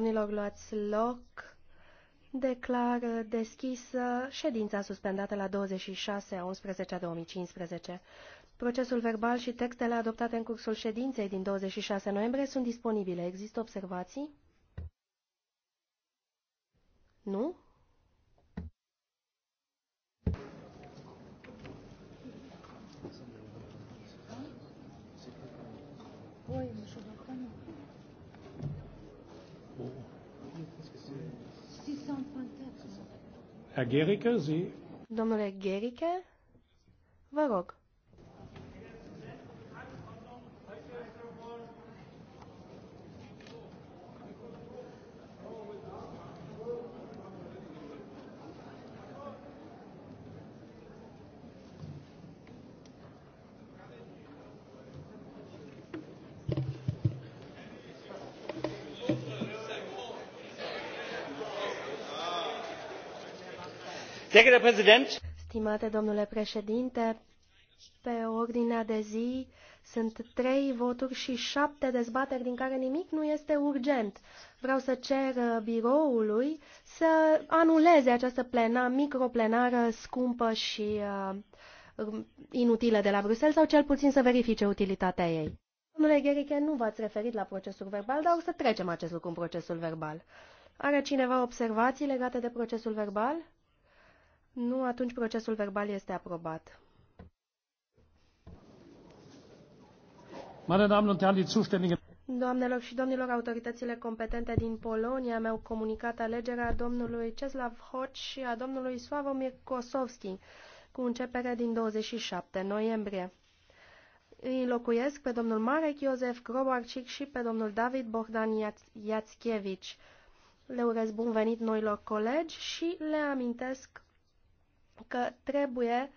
Domnilor, luați loc. Declar deschisă ședința suspendată la 26 a 11 -a 2015. Procesul verbal și textele adoptate în cursul ședinței din 26 noiembrie sunt disponibile. Există observații? Nu? Oi, мы Herr Gericke, Sie? Domnule Gericke, vă rog. Stimate domnule președinte, pe ordinea de zi sunt trei voturi și șapte dezbateri din care nimic nu este urgent. Vreau să cer uh, biroului să anuleze această plena, microplenară scumpă și uh, um, inutilă de la Bruxelles sau cel puțin să verifice utilitatea ei. Domnule Gheriche, nu v-ați referit la procesul verbal, dar o să trecem acest lucru în procesul verbal. Are cineva observații legate de procesul verbal? Nu, atunci procesul verbal este aprobat. Doamnelor și domnilor, autoritățile competente din Polonia mi-au comunicat alegerea domnului Ceslav Hoc și a domnului Sławomir Kosowski, cu începere din 27 noiembrie. Îi locuiesc pe domnul Marek Iosef Grobarcic și pe domnul David Bohdan Iațchevici. Le urez bun venit noilor colegi și le amintesc că trebuie